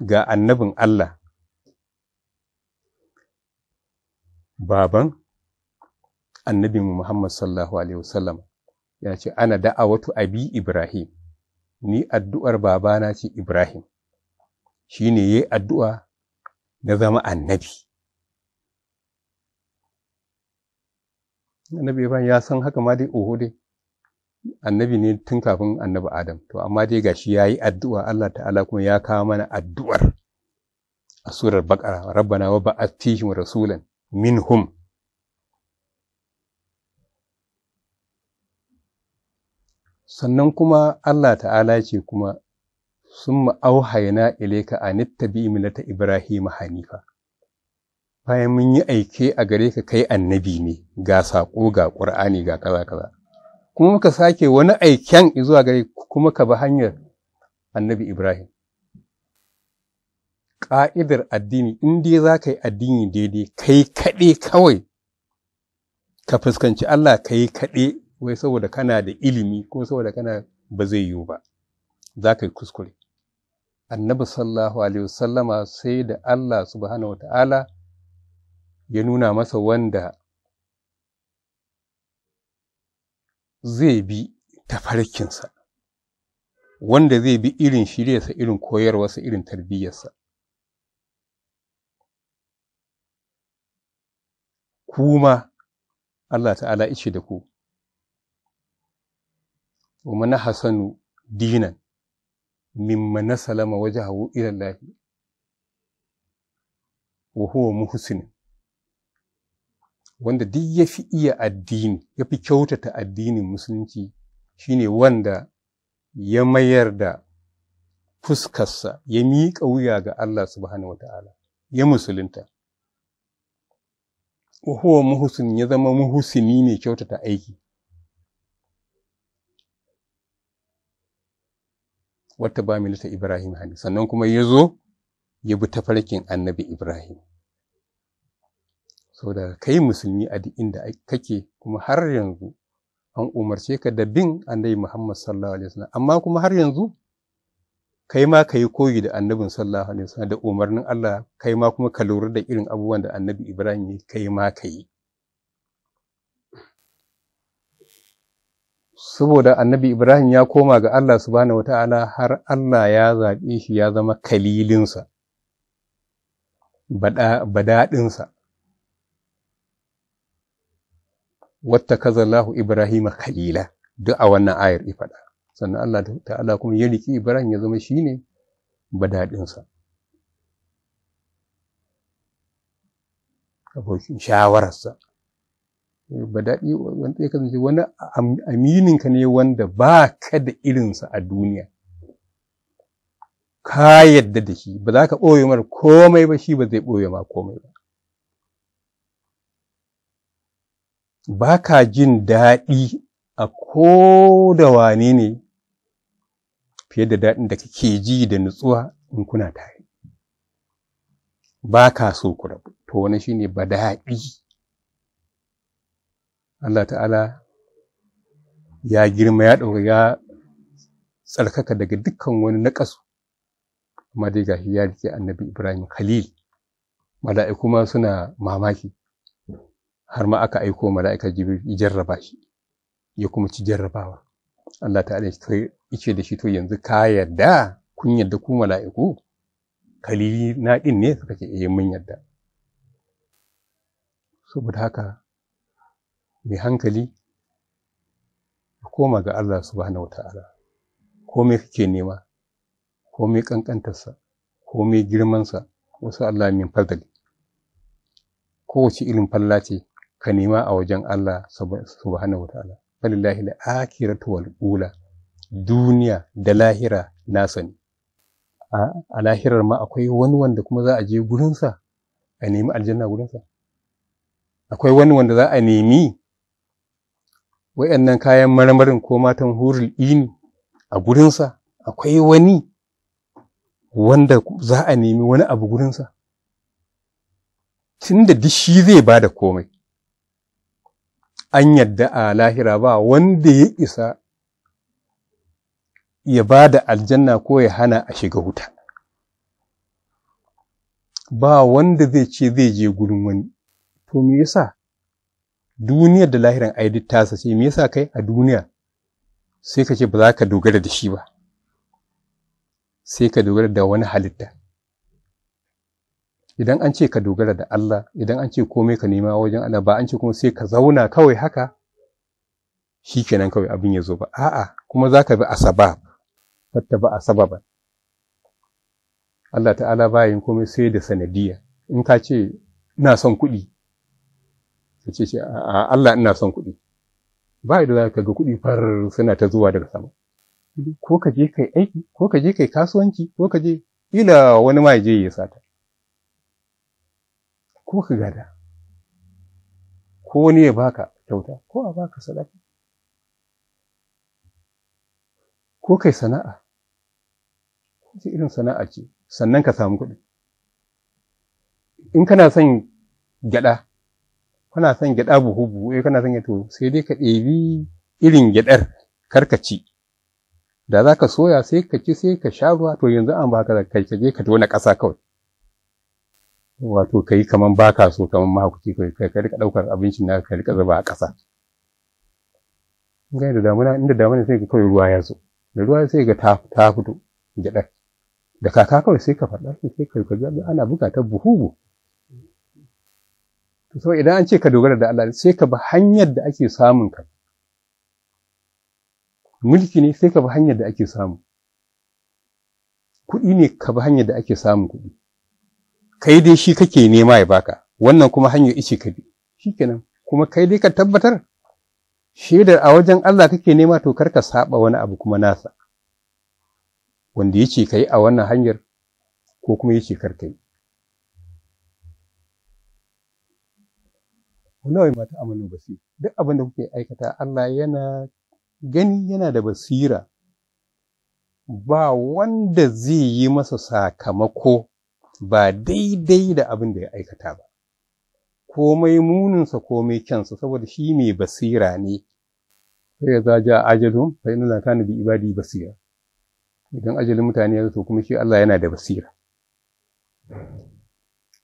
ga annabin Allah baban annabi Muhammad sallallahu alaihi wasallam ya ce ana da'awatu abi Ibrahim ni addu'ar babana ce Ibrahim Shi ne ya yi addu'a na zama annabi annabi Ibrahim ya san haka ma dai oho dai annabi ne tun kafin annabi Adam to amma dai ga shi ya yi addu'a Allah ta'ala kuma ya kawo mana addu'ar a surar baqara rabbana wa rasulun rasulan minhum sannan kuma Allah ta'ala ce kuma summa auhayna ilayka an tabi millata ibrahim hanifa bayan mun yi aike a gare ka kai annabi ne ga saƙo ga ƙur'ani ga kaza kaza kuma muka sake wani aiken zuwa gare kuma ka bi hanyar annabi ibrahim ƙa'idar addini in dai za ka yi addini daidai kai kaɗe kawai ka fuskanci Allah ka yi kaɗe wai saboda kana da ilimi ko saboda kana ba zai yiwu ba za ka yi kuskure annabi sallallahu alaihi wasallama sai da Allah subhanahu wata'ala ya nuna masa wanda zai bi tafarkinsa wanda zai bi irin shiryarsa irin koyarwarsa irin tarbiyyarsa kuma Allah ta'ala ishe da ku wa mana hasanu dinan mimma nasalama wajahu ila Allah wa huwa muhsin wanda duk ya iya addini ya kyautata addinin musulunci shine wanda ya mayar da fuskarsa ya miƙa wuya ga Allah subhanahu wa ta'ala ya musulunta wa huwa muhsin ya zama muhsini mai kyautata aiki wata ba ta Ibrahim hannu sannan kuma ya zo ya bi tafarkin annabi Ibrahim. So da kai musulmi a duk inda kake kuma har yanzu an umarce ka da bin annabi Muhammad sallallahu alaihi wasallam amma kuma har yanzu kai ma ka yi koyi da annabin sallallahu alaihi wasallam da umarnin Allah kai ma kuma ka lura da irin abubuwan da annabi Ibrahim ya kai ma ka yi. saboda annabi Ibrahim ya koma ga Allah subhanahu wata'ala har Allah ya zaɓe shi ya zama kalilinsa, badaɗinsa. Wata kazallahu Ibrahim kalila duk a wannan ayar ifada, sannan Allah ta'ala kuma ya riki Ibrahim ya zama shi ne badaɗinsa. Abokin shawararsa. ba daɗi wanda ya kasance wani amininka ne wanda ba ka da irinsa a duniya ka yadda da shi ba za ka ɓoye mar komai ba shi ba zai ɓoye ma komai ba ba ka jin daɗi a ko da wane ne fiye da daɗin da kake ji da nutsuwa in kuna tare ba ka so ku rabu to wani ne ba daɗi Allah ta'ala ya girma ya ɗauka, ya tsarkaka daga dukkan wani nakasu. amma dai gashi ya rike annabi Ibrahim Khalil mala'iku ma suna mamaki har ma aka aiko mala'ika Jibril ya jarraba shi ya kuma ci jarrabawa Allah ta'ala ya ce da shi to yanzu ka yarda kun yarda ku mala'iku Khalil na ɗin ne suka ce eh mun yarda saboda haka mai hankali ka koma ga Allah subhanahu wata'ala komai kake nema komai ƙanƙantarsa, komai girmansa wasu Allah min fadali kowace irin falla ce ka nema a wajen Allah subhanahu wata'ala falillahi al-akhiratu wal ula duniya da lahira nasa ne a lahirar ma akwai wani wanda kuma za a je gurinsa a nemi aljanna gurinsa akwai wani wanda za a nemi wa'yannan kayan marmarin ko matan hurul ini a gurinsa akwai wani wanda za a nemi wani abu gurinsa tun da duk shi zai ba da komai an yadda a lahira ba wanda ya isa ya ba da aljanna ko ya hana a shiga wuta ba wanda zai ce zai je gurin wani to me yasa duniyar da lahirin ai ta tasa ce me yasa kai a duniya sai ka ce ba za ka dogara da shi ba sai ka dogara da wani halitta idan an ce ka dogara da Allah idan an ce komai ka nema wajen Allah ba an ce kuma sai ka zauna kawai haka shi kenan kawai abin ya zo ba a'a kuma za ka bi asabab fatta ba asaba Allah ta'ala yin komai sai da sanadiyya in ka ce ina son kuɗi su ce shi a Allah ina son kuɗi ba da za ka ga kuɗi far suna ta zuwa daga sama ko ka je kai aiki ko ka je kai kasuwanci ko ka je ila wani ma je ya sata ko ka gada ko wani ya baka kyauta ko a baka sadaka ko kai sana'a ko irin sana'a ce sannan ka samu kuɗi in kana son gyaɗa kana son gyaɗa buhu buhu eh kana son ya to sai dai ka ɗebi irin gyaɗar kar ka ci da za ka soya sai ka ci sai ka sha ruwa to yanzu an baka kai ka je ka tona ƙasa kawai wato kai kaman baka so kaman mahaukaci kai ka rika ɗaukar abincin naka ka rika zuba a ƙasa ga da damuna inda damuna sai ka kawai ruwa ya zo da ruwa sai ga ta fito gyaɗar da kaka kawai sai ka faɗa sai ka ga ana buƙatar buhu buhu so idan an ce ka dogara da Allah sai ka bi hanyar da ake samun ka mulki ne sai ka bi hanyar da ake samu kuɗi ne ka bi hanyar da ake samun kuɗi kai dai shi kake nema ya baka wannan kuma hanyar ice ka bi shikenan kuma kai dai ka tabbatar shaidar a wajen Allah kake nema to karka saba wani abu kuma nasa wanda yake kai a wannan hanyar ko kuma yake yi. nawa ma ta amalu basir duk abin da kuke aikata Allah yana gani yana da basira ba wanda zai yi masa sakamako ba daidai da abin da ya aikata ba komai muninsa komai kyansa saboda shi mai basira ne sai ya zaja ajalun fa inna kana bi ibadi basira idan ajalin mutane ya zo kuma shi Allah yana da basira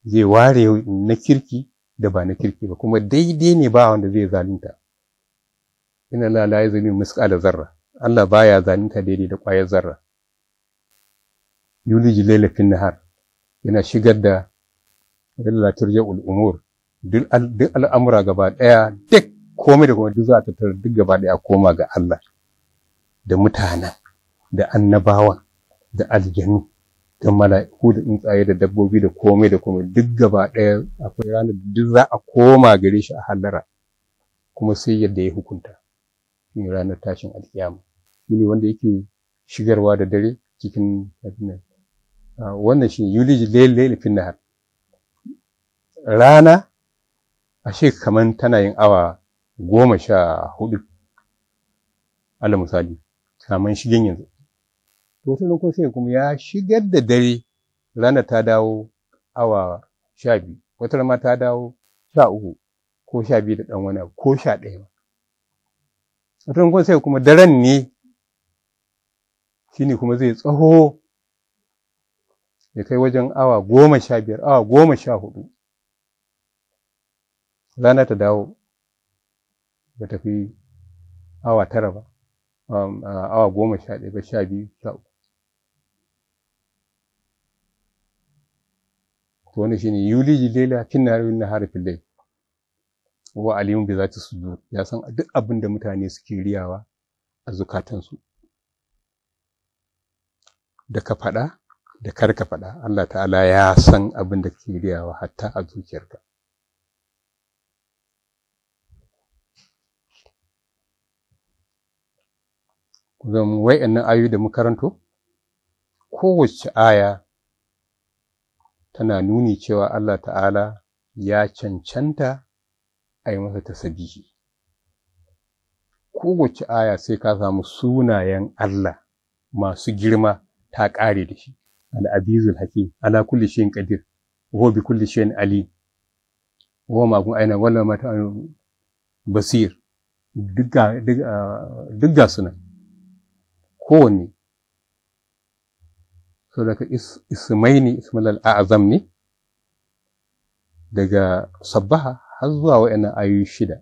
zai ware na kirki da ba na kirki ba kuma daidai ne ba wanda zai zalunta ina la la yazmi misqala zarra Allah baya zalunta daidai da ƙwayar zarra yuliji laila fin nahar yana shigar da la ul umur duk al'amura gaba daya duk komai da komai duk za ta tar duk gaba daya koma ga Allah da mutanen da annabawa, da aljanu da mala'iku da tsuntsaye da dabbobi da komai da komai duk gaba ɗaya akwai ranar da duk za a koma gare shi a hallara kuma sai yadda ya hukunta shine ranar tashin alkiyama ne wanda yake shigarwa da dare cikin wannan shi yuliji lailai nahar rana ashe kaman tana yin awa goma sha hudu ala misali kaman shigen yanzu wata nan sai kuma ya shigar da dare ranar ta dawo awa sha biyu wata rama ta dawo sha uku ko sha biyu da ɗan wani ko sha ɗaya ba wata nan sai kuma daren ne shi ne kuma zai tsaho ya kai wajen awa goma sha biyar awa goma sha hudu rana ta dawo ba tafi awa tara ba um, awa goma sha ɗaya ba sha biyu sha uku to wannan shine yuliji laila fin nahari wa nahari fil layl wa alimun bi zati sudur ya san duk abin da mutane suke riyawa a zukatansu da ka faɗa da kar ka faɗa Allah ta'ala ya san abin da kake riyawa hatta a zuciyarka wai wa'annan ayoyi da mu karanto kowace aya tana nuni cewa Allah ta'ala ya cancanta a yi masa tasabihi kowace aya sai ka samu sunayen Allah masu girma ta ƙare da shi al’abizul haƙi, ala kulli shayin ƙadir, bi kulli shayin ali wa magun aina wala mata basir ah, duk ga sunan kowanne so daga ismaini ismail al'azam ne daga sabbaha har zuwa wa'annan ayoyi shida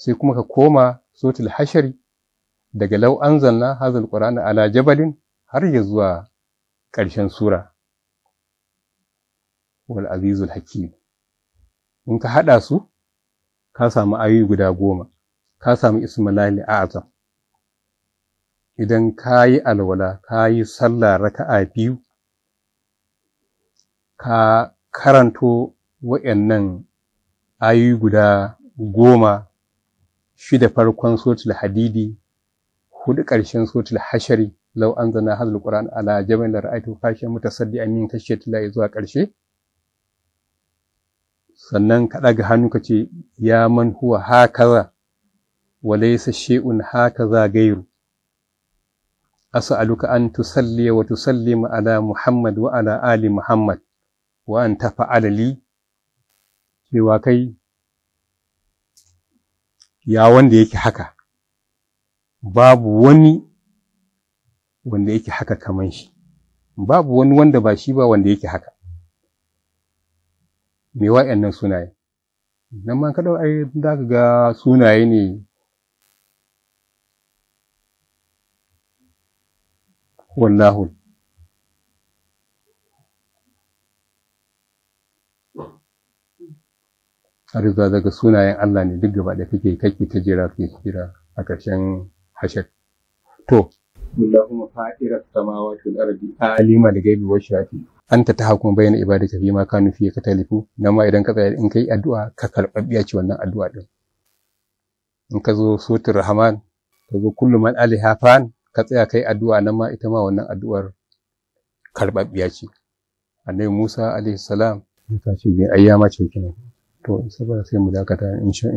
sai kuma ka koma sotul hashari daga lau anzalna hazal qur'ana ala jabalin har ya zuwa ƙarshen sura wal azizul hakim in ka haɗa su ka samu ayoyi guda goma ka samu ismail al'azam idan ka yi alwala ka yi sallah raka'a biyu ka karanto wa'annan ayoyi guda goma shida farkon sotul hadidi hudu ƙarshen sotul hashari lau an zana hazul ƙuran ala jami'in da ra'aitu fashe mutasaddi amin kashe tila zuwa ƙarshe sannan ka ɗaga hannu ka ce ya man huwa hakaza wa laysa haka za gairu أسألك أن تصلي وتسلم على محمد وعلى آل محمد وأن تفعل لي cewa kai ya wanda yake haka babu wani wanda yake haka kaman shi babu wani wanda ba shi ba wanda yake haka me wa'annan sunaye nan ma ka ai za ka ga sunaye ne wallahu arza daga sunayen Allah ne duk gaba da kake kake ta jira kake jira a ƙarshen hashak to Allahumma fa'ira samawati wal ardi alima da gaibi wa shafi anta ta hakuma bayyana ibadaka fi ma kanu fi ka talifu nan ma idan ka tsaya in kai addu'a ka karbabiya ci wannan addu'a din in ka zo sutur rahman ka zo kullu man alihafan ka tsaya kai addu'a nan ma ita ma wannan addu'ar karɓaɓɓiya ce annabi Musa alaihi salam ya ce mai ayyama ce kina to saboda sai mu dakata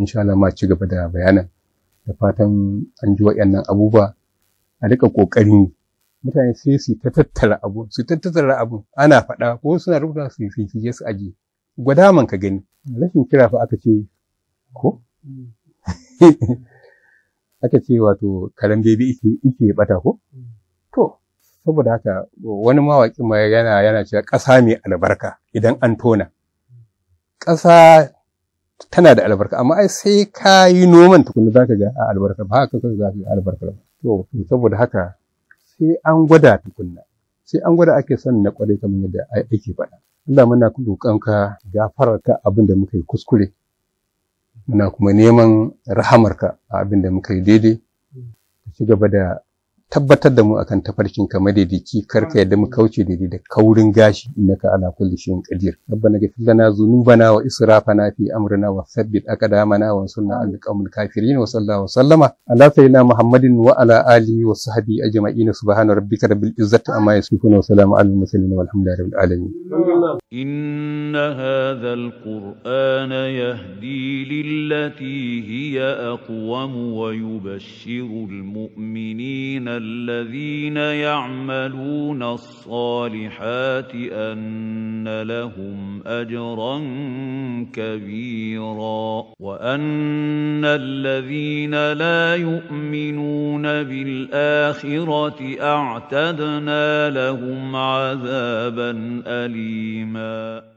insha Allah ma ci gaba da bayanan da fatan an ji waɗannan abubuwa a duka ƙoƙarin mutane sai su ta tattara abu su tattara abu ana faɗa ko suna rubuta su su su su aje gwadaman ka gani rashin kira fa aka ce ko mm. <laughs> aka ce wato karen bebi ike bata ko mm. to saboda haka wani mawaki ma yana yana cewa ƙasa mai albarka idan an tona ƙasa tana da albarka amma ai sai ka yi noman tukuna za ka ga albarka ba haka za ka ga albarka ba to saboda haka sai an gwada tukunna sai an gwada ake son na kwarai kamar yadda ake faɗa Allah muna roƙonka gafararka abin da muka yi kuskure Muna kuma neman rahamarka a abin da muka yi daidai, ci gaba da tabbatar da mu akan tafarkin ka madaidaici kar ka yadda mu kauce daidai da kaurin gashi innaka ala kulli shay'in qadir rabbana ghfir lana dhunubana wa israfana fi amrina wa thabbit aqdamana wa sunna al qawmil kafirin wa sallallahu wa sallama ala sayyidina muhammadin wa ala alihi wa sahbihi ajma'in subhana rabbika rabbil izzati amma yasifun wa salamun alal muslimin walhamdulillahi rabbil alamin qur'ana yahdi lillati hiya aqwam wa yubashshiru al mu'minina الذين يعملون الصالحات أن لهم أجرا كبيرا وأن الذين لا يؤمنون بالآخرة أعتدنا لهم عذابا أليما